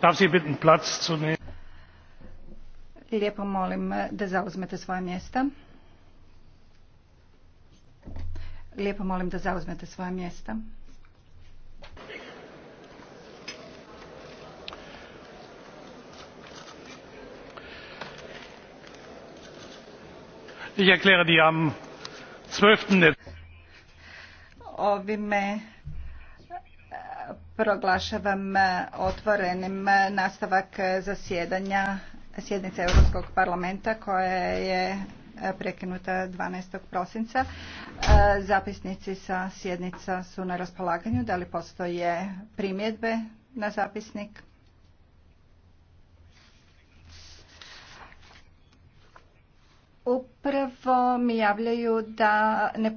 Darf Sie bitten, Platz zu nehmen? Lijepo molim da zauzmete svoje mjesta. Lijepo molim da zauzmete svoje mjesta. Ich erkläre die am 12. Ovime proglašavam e, otvorenim e, nastavak e, zasjedanja sjednice Europskog parlamenta koja je prekinuta 12. prosinca. Zapisnici sa sjednica su na raspolaganju. Da li postoje primjedbe na zapisnik? Upravo mi javljaju da ne